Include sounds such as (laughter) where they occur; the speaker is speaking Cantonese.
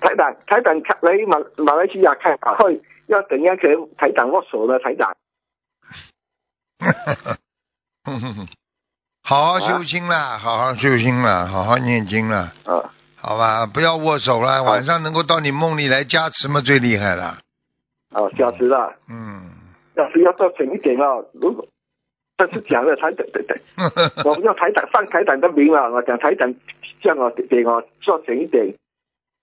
台長，台長，來馬馬來西亞看，因為點樣佢台長握手啦台長， (laughs) 好好修心啦、啊，好好修心啦，好好念經啦，啊，好吧，不要握手啦，啊、晚上能夠到你夢裏來加持嘛最厲害啦，哦、啊，加持啦，嗯，要是要做準一點哦，如果，但是講了，台長等等， (laughs) 我們要台長，上台長的名啦，我講台長，叫我給我做準一點。